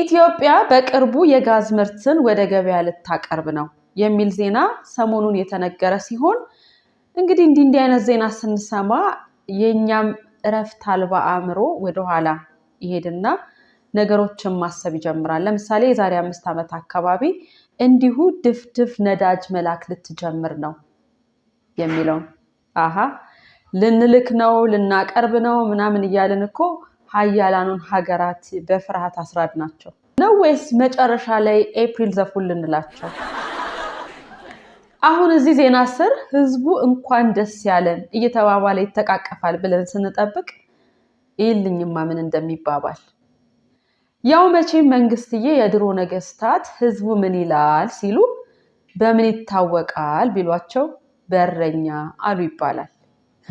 ኢትዮጵያ በቅርቡ የጋዝ ምርትን ወደ ገበያ ልታቀርብ ነው የሚል ዜና ሰሞኑን የተነገረ ሲሆን እንግዲህ እንዲህ እንዲህ አይነት ዜና ስንሰማ የእኛም እረፍት አልባ አእምሮ ወደኋላ ይሄድና ነገሮችን ማሰብ ይጀምራል። ለምሳሌ የዛሬ አምስት ዓመት አካባቢ እንዲሁ ድፍድፍ ነዳጅ መላክ ልትጀምር ነው የሚለው አሀ ልንልክ ነው ልናቀርብ ነው ምናምን እያልን እኮ ሀያላኑን ሀገራት በፍርሃት አስራድ ናቸው ነው ወይስ መጨረሻ ላይ ኤፕሪል ዘፉን ልንላቸው? አሁን እዚህ ዜና ስር ህዝቡ እንኳን ደስ ያለን እየተባባለ ይተቃቀፋል ብለን ስንጠብቅ ይልኝማ ምን እንደሚባባል ያው መቼም መንግስትዬ የድሮ ነገስታት ህዝቡ ምን ይላል ሲሉ በምን ይታወቃል ቢሏቸው በእረኛ አሉ ይባላል።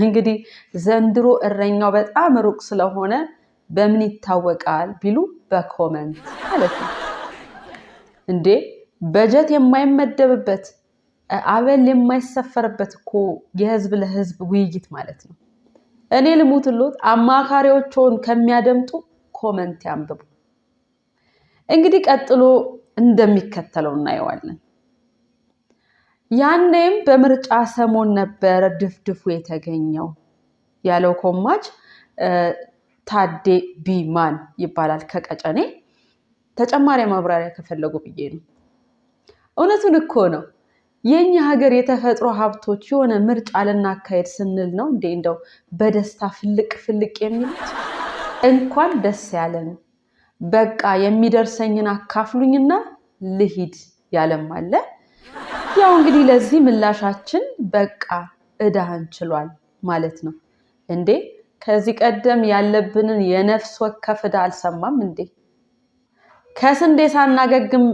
እንግዲህ ዘንድሮ እረኛው በጣም ሩቅ ስለሆነ በምን ይታወቃል ቢሉ በኮመንት ማለት ነው። እንዴ በጀት የማይመደብበት አበል የማይሰፈርበት እኮ የህዝብ ለህዝብ ውይይት ማለት ነው። እኔ ልሙትሎት አማካሪዎችን ከሚያደምጡ ኮመንት ያንብቡ። እንግዲህ ቀጥሎ እንደሚከተለው እናየዋለን። ያኔም በምርጫ ሰሞን ነበረ ድፍድፉ የተገኘው ያለው ኮማች ታዴ ቢማን ይባላል ከቀጨኔ። ተጨማሪ ማብራሪያ ከፈለጉ ብዬ ነው። እውነቱን እኮ ነው። የእኛ ሀገር የተፈጥሮ ሀብቶች የሆነ ምርጫ ልናካሄድ ስንል ነው እንዴ እንደው በደስታ ፍልቅ ፍልቅ የሚሉት። እንኳን ደስ ያለን በቃ የሚደርሰኝን አካፍሉኝና ልሂድ ያለም አለ። ያው እንግዲህ ለዚህ ምላሻችን በቃ እዳህን ችሏል ማለት ነው እንዴ። ከዚህ ቀደም ያለብንን የነፍስ ወከፍ ዕዳ አልሰማም እንዴ? ከስንዴ ሳናገግም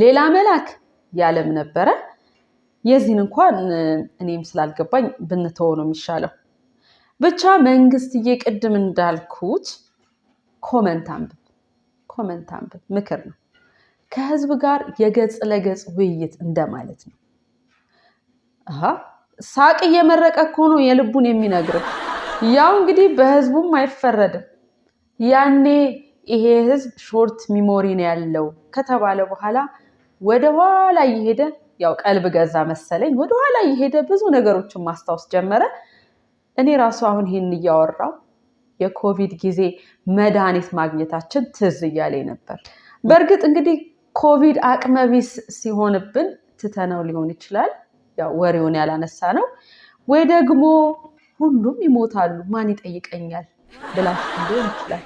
ሌላ መላክ ያለም ነበረ። የዚህን እንኳን እኔም ስላልገባኝ ብንተው ነው የሚሻለው። ብቻ መንግስትዬ፣ ቅድም እንዳልኩት ኮመንት አንብብ፣ ኮመንት አንብብ፣ ምክር ነው። ከህዝብ ጋር የገጽ ለገጽ ውይይት እንደማለት ነው። ሳቅ እየመረቀ እኮ ነው የልቡን የሚነግርህ። ያው እንግዲህ በህዝቡም አይፈረድም። ያኔ ይሄ ህዝብ ሾርት ሚሞሪ ነው ያለው ከተባለ በኋላ ወደኋላ እየሄደ ያው ቀልብ ገዛ መሰለኝ። ወደኋላ እየሄደ ብዙ ነገሮችን ማስታወስ ጀመረ። እኔ ራሱ አሁን ይህን እያወራው የኮቪድ ጊዜ መድኃኒት ማግኘታችን ትዝ እያለኝ ነበር። በእርግጥ እንግዲህ ኮቪድ አቅመቢስ ሲሆንብን ትተነው ሊሆን ይችላል፣ ያው ወሬውን ያላነሳ ነው ወይ ደግሞ ሁሉም ይሞታሉ ማን ይጠይቀኛል ብላችሁ ሊሆን ይችላል።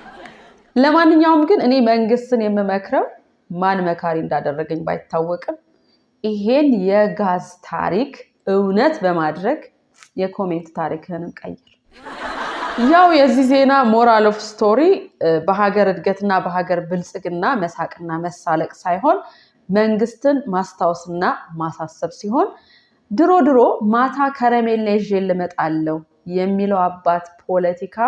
ለማንኛውም ግን እኔ መንግስትን የምመክረው ማን መካሪ እንዳደረገኝ ባይታወቅም ይሄን የጋዝ ታሪክ እውነት በማድረግ የኮሜንት ታሪክህንም ቀይር። ያው የዚህ ዜና ሞራል ኦፍ ስቶሪ በሀገር እድገትና በሀገር ብልጽግና መሳቅና መሳለቅ ሳይሆን መንግስትን ማስታወስና ማሳሰብ ሲሆን ድሮ ድሮ ማታ ከረሜላ ይዤ ልመጣለው የሚለው አባት ፖለቲካ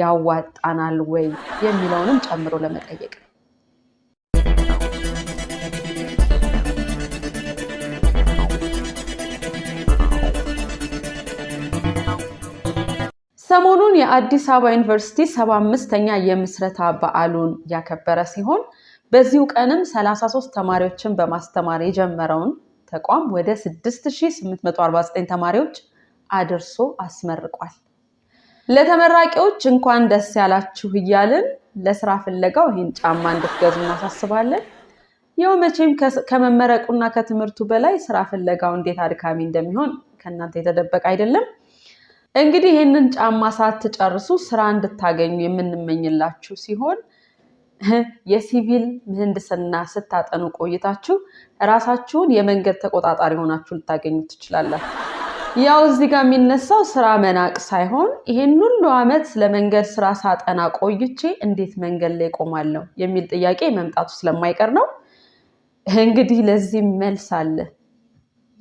ያዋጣናል ወይ የሚለውንም ጨምሮ ለመጠየቅ ነው። ሰሞኑን የአዲስ አበባ ዩኒቨርሲቲ ሰባ አምስተኛ የምስረታ በዓሉን ያከበረ ሲሆን በዚሁ ቀንም 33 ተማሪዎችን በማስተማር የጀመረውን ተቋም ወደ 6849 ተማሪዎች አድርሶ አስመርቋል። ለተመራቂዎች እንኳን ደስ ያላችሁ እያልን ለስራ ፍለጋው ይህን ጫማ እንድትገዙ እናሳስባለን። ያው መቼም ከመመረቁና ከትምህርቱ በላይ ስራ ፍለጋው እንዴት አድካሚ እንደሚሆን ከእናንተ የተደበቀ አይደለም። እንግዲህ ይህንን ጫማ ሳትጨርሱ ስራ እንድታገኙ የምንመኝላችሁ ሲሆን የሲቪል ምህንድስና ስታጠኑ ቆይታችሁ እራሳችሁን የመንገድ ተቆጣጣሪ ሆናችሁ ልታገኙ ትችላላችሁ። ያው እዚህ ጋር የሚነሳው ስራ መናቅ ሳይሆን ይሄን ሁሉ አመት ለመንገድ ስራ ሳጠና ቆይቼ እንዴት መንገድ ላይ ቆማለሁ የሚል ጥያቄ መምጣቱ ስለማይቀር ነው። እንግዲህ ለዚህ መልስ አለ።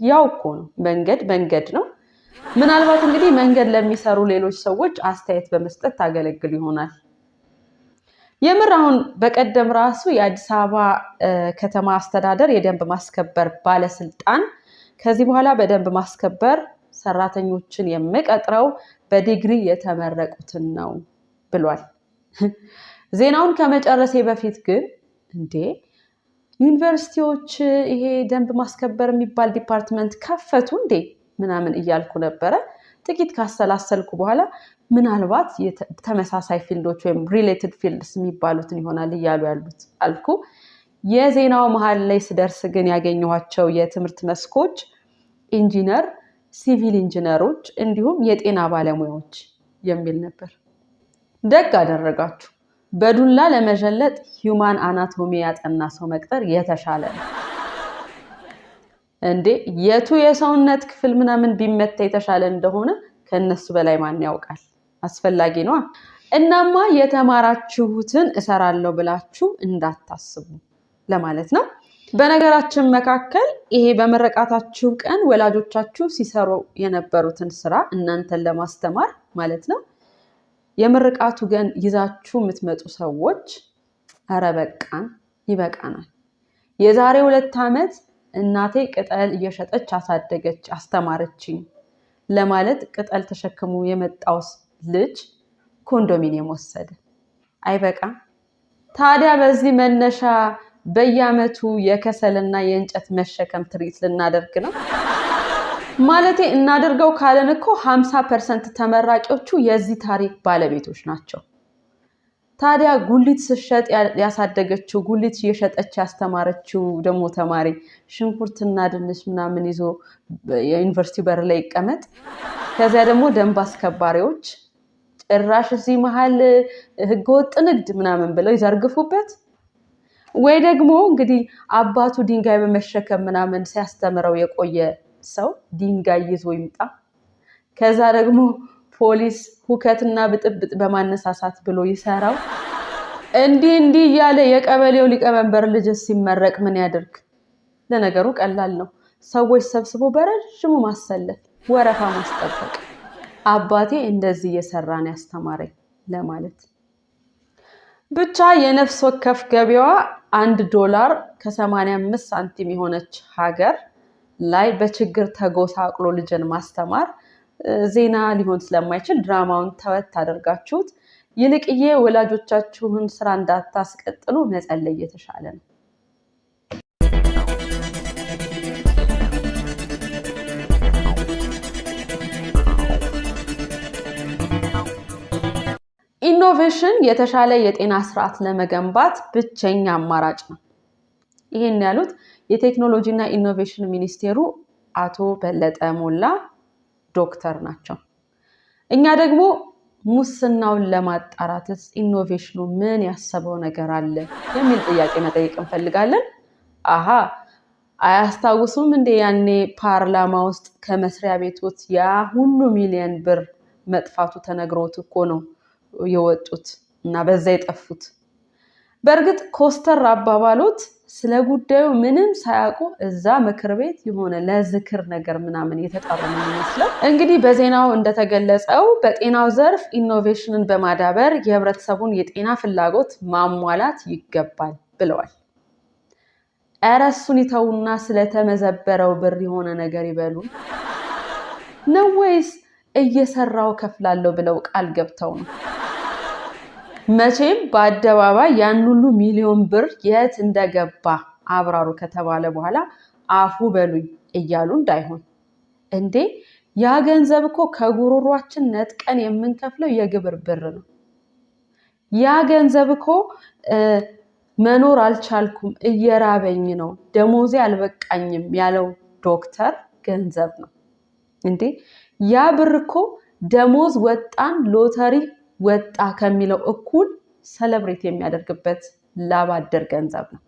ያው እኮ ነው መንገድ መንገድ ነው። ምናልባት እንግዲህ መንገድ ለሚሰሩ ሌሎች ሰዎች አስተያየት በመስጠት ታገለግል ይሆናል። የምር አሁን በቀደም ራሱ የአዲስ አበባ ከተማ አስተዳደር የደንብ ማስከበር ባለስልጣን ከዚህ በኋላ በደንብ ማስከበር ሰራተኞችን የምቀጥረው በዲግሪ የተመረቁትን ነው ብሏል። ዜናውን ከመጨረሴ በፊት ግን እንዴ ዩኒቨርሲቲዎች ይሄ ደንብ ማስከበር የሚባል ዲፓርትመንት ከፈቱ እንዴ ምናምን እያልኩ ነበረ። ጥቂት ካሰላሰልኩ በኋላ ምናልባት ተመሳሳይ ፊልዶች ወይም ሪሌትድ ፊልድስ የሚባሉትን ይሆናል እያሉ ያሉት አልኩ። የዜናው መሀል ላይ ስደርስ ግን ያገኘኋቸው የትምህርት መስኮች ኢንጂነር ሲቪል ኢንጂነሮች እንዲሁም የጤና ባለሙያዎች የሚል ነበር። ደግ አደረጋችሁ። በዱላ ለመዠለጥ ሂውማን አናቶሚ ያጠና ሰው መቅጠር የተሻለ ነው። እንዴ የቱ የሰውነት ክፍል ምናምን ቢመታ የተሻለ እንደሆነ ከእነሱ በላይ ማን ያውቃል? አስፈላጊ ነዋ። እናማ የተማራችሁትን እሰራለሁ ብላችሁ እንዳታስቡ ለማለት ነው። በነገራችን መካከል ይሄ በመረቃታችሁ ቀን ወላጆቻችሁ ሲሰሩ የነበሩትን ስራ እናንተን ለማስተማር ማለት ነው። የምርቃቱ ቀን ይዛችሁ የምትመጡ ሰዎች እረ በቃን ይበቃናል። የዛሬ ሁለት ዓመት እናቴ ቅጠል እየሸጠች አሳደገች አስተማረችኝ ለማለት ቅጠል ተሸክሞ የመጣው ልጅ ኮንዶሚኒየም ወሰደ። አይበቃም ታዲያ በዚህ መነሻ በየአመቱ የከሰልና የእንጨት መሸከም ትርኢት ልናደርግ ነው። ማለቴ እናደርገው ካለን እኮ ሀምሳ ፐርሰንት ተመራቂዎቹ የዚህ ታሪክ ባለቤቶች ናቸው። ታዲያ ጉሊት ስሸጥ ያሳደገችው ጉሊት እየሸጠች ያስተማረችው ደግሞ ተማሪ ሽንኩርትና ድንች ምናምን ይዞ የዩኒቨርሲቲ በር ላይ ይቀመጥ። ከዚያ ደግሞ ደንብ አስከባሪዎች ጭራሽ እዚህ መሀል ህገወጥ ንግድ ምናምን ብለው ይዘርግፉበት። ወይ ደግሞ እንግዲህ አባቱ ድንጋይ በመሸከም ምናምን ሲያስተምረው የቆየ ሰው ድንጋይ ይዞ ይምጣ። ከዛ ደግሞ ፖሊስ ሁከትና ብጥብጥ በማነሳሳት ብሎ ይሰራው። እንዲህ እንዲህ እያለ የቀበሌው ሊቀመንበር ልጅ ሲመረቅ ምን ያደርግ? ለነገሩ ቀላል ነው። ሰዎች ሰብስቦ በረዥሙ ማሰለፍ፣ ወረፋ ማስጠበቅ፣ አባቴ እንደዚህ እየሰራ ነው ያስተማረኝ ለማለት ብቻ የነፍስ ወከፍ ገቢዋ አንድ ዶላር ከ85 ሳንቲም የሆነች ሀገር ላይ በችግር ተጎሳቅሎ ልጅን ማስተማር ዜና ሊሆን ስለማይችል ድራማውን ተወት ታደርጋችሁት ይልቅዬ ወላጆቻችሁን ስራ እንዳታስቀጥሉ መጸለይ የተሻለ ነው። ኢኖቬሽን የተሻለ የጤና ስርዓት ለመገንባት ብቸኛ አማራጭ ነው። ይህን ያሉት የቴክኖሎጂ እና ኢኖቬሽን ሚኒስቴሩ አቶ በለጠ ሞላ ዶክተር ናቸው። እኛ ደግሞ ሙስናውን ለማጣራትስ ኢኖቬሽኑ ምን ያሰበው ነገር አለ የሚል ጥያቄ መጠየቅ እንፈልጋለን። አሃ አያስታውሱም እንዴ ያኔ ፓርላማ ውስጥ ከመስሪያ ቤቶት ያ ሁሉ ሚሊዮን ብር መጥፋቱ ተነግሮት እኮ ነው የወጡት እና በዛ የጠፉት። በእርግጥ ኮስተር አባባሎት ስለ ጉዳዩ ምንም ሳያውቁ እዛ ምክር ቤት የሆነ ለዝክር ነገር ምናምን የተጣሩ ነው የሚመስለው። እንግዲህ በዜናው እንደተገለጸው በጤናው ዘርፍ ኢኖቬሽንን በማዳበር የህብረተሰቡን የጤና ፍላጎት ማሟላት ይገባል ብለዋል። ኧረ እሱን ይተውና ስለተመዘበረው ብር የሆነ ነገር ይበሉ ነው ወይስ እየሰራው ከፍላለሁ ብለው ቃል ገብተው ነው? መቼም በአደባባይ ያን ሁሉ ሚሊዮን ብር የት እንደገባ አብራሩ ከተባለ በኋላ አፉ በሉኝ እያሉ እንዳይሆን እንዴ ያ ገንዘብ እኮ ከጉሮሯችን ነጥቀን የምንከፍለው የግብር ብር ነው። ያ ገንዘብ እኮ መኖር አልቻልኩም እየራበኝ ነው ደሞዜ አልበቃኝም ያለው ዶክተር ገንዘብ ነው እንዴ ያ ብር እኮ ደሞዝ ወጣን ሎተሪ ወጣ ከሚለው እኩል ሰለብሬት የሚያደርግበት ላባደር አደር ገንዘብ ነው።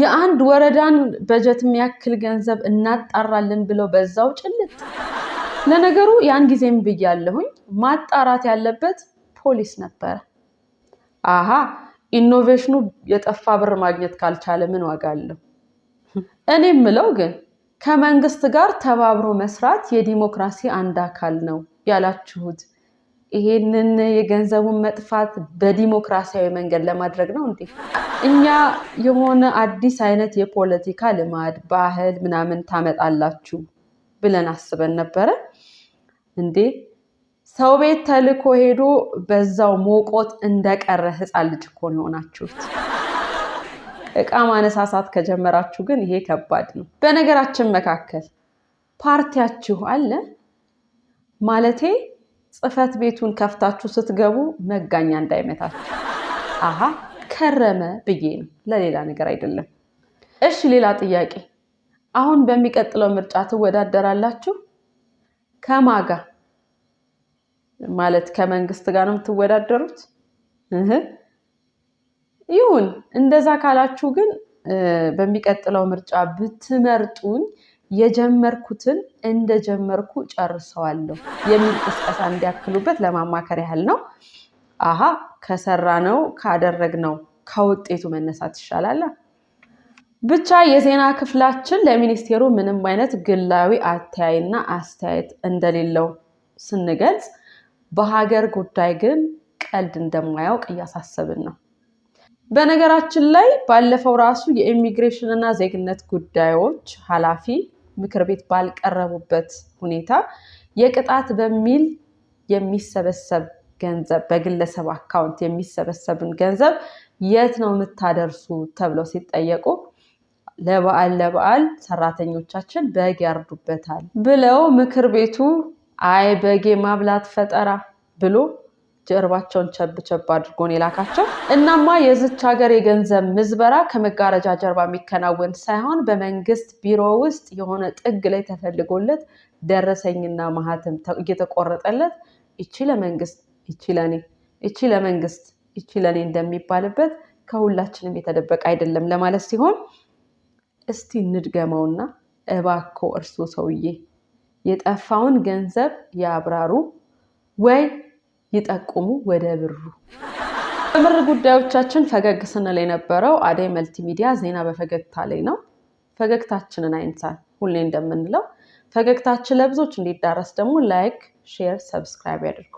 የአንድ ወረዳን በጀት የሚያክል ገንዘብ እናጣራለን ብለው በዛው ጭልጥ። ለነገሩ ያን ጊዜም ብያለሁኝ ማጣራት ያለበት ፖሊስ ነበረ። አሃ ኢኖቬሽኑ የጠፋ ብር ማግኘት ካልቻለ ምን ዋጋ አለው? እኔ ምለው ግን ከመንግስት ጋር ተባብሮ መስራት የዲሞክራሲ አንድ አካል ነው ያላችሁት ይሄንን የገንዘቡን መጥፋት በዲሞክራሲያዊ መንገድ ለማድረግ ነው እንዴ? እኛ የሆነ አዲስ አይነት የፖለቲካ ልማድ ባህል ምናምን ታመጣላችሁ ብለን አስበን ነበረ እንዴ? ሰው ቤት ተልኮ ሄዶ በዛው ሞቆት እንደቀረ ህፃን ልጅ እኮ ነው የሆናችሁት። እቃ ማነሳሳት ከጀመራችሁ ግን ይሄ ከባድ ነው። በነገራችን መካከል ፓርቲያችሁ አለ ማለቴ ጽህፈት ቤቱን ከፍታችሁ ስትገቡ መጋኛ እንዳይመታችሁ። አሀ ከረመ ብዬ ነው፣ ለሌላ ነገር አይደለም። እሺ፣ ሌላ ጥያቄ። አሁን በሚቀጥለው ምርጫ ትወዳደራላችሁ? ከማጋ ማለት ከመንግስት ጋር ነው የምትወዳደሩት? ይሁን እንደዛ ካላችሁ ግን በሚቀጥለው ምርጫ ብትመርጡኝ የጀመርኩትን እንደጀመርኩ ጨርሰዋለሁ የሚል ቅስቀሳ እንዲያክሉበት ለማማከር ያህል ነው። አሀ ካደረግ ነው ከውጤቱ መነሳት ይሻላል። ብቻ የዜና ክፍላችን ለሚኒስቴሩ ምንም አይነት ግላዊ አተያይና አስተያየት እንደሌለው ስንገልጽ በሀገር ጉዳይ ግን ቀልድ እንደማያውቅ እያሳሰብን ነው። በነገራችን ላይ ባለፈው ራሱ የኢሚግሬሽን እና ዜግነት ጉዳዮች ኃላፊ ምክር ቤት ባልቀረቡበት ሁኔታ የቅጣት በሚል የሚሰበሰብ ገንዘብ በግለሰብ አካውንት የሚሰበሰብን ገንዘብ የት ነው የምታደርሱ ተብለው ሲጠየቁ ለበዓል ለበዓል ሰራተኞቻችን በግ ያርዱበታል ብለው ምክር ቤቱ አይ በጌ ማብላት ፈጠራ ብሎ ጀርባቸውን ቸብ ቸብ አድርጎን የላካቸው። እናማ የዝች ሀገር የገንዘብ ምዝበራ ከመጋረጃ ጀርባ የሚከናወን ሳይሆን በመንግስት ቢሮ ውስጥ የሆነ ጥግ ላይ ተፈልጎለት ደረሰኝና ማህተም እየተቆረጠለት ይቺ ለመንግስት፣ እቺ ለኔ፣ እቺ ለመንግስት፣ እቺ ለኔ እንደሚባልበት ከሁላችንም የተደበቀ አይደለም ለማለት ሲሆን እስቲ እንድገመውና እባኮ እርሶ ሰውዬ የጠፋውን ገንዘብ ያብራሩ ወይ ይጠቁሙ ወደ ብሩ። በብር ጉዳዮቻችን ፈገግ ስንል የነበረው አደይ መልቲሚዲያ ዜና በፈገግታ ላይ ነው። ፈገግታችንን አይንሳል። ሁሌ እንደምንለው ፈገግታችን ለብዙዎች እንዲዳረስ ደግሞ ላይክ፣ ሼር፣ ሰብስክራይብ ያድርጉ።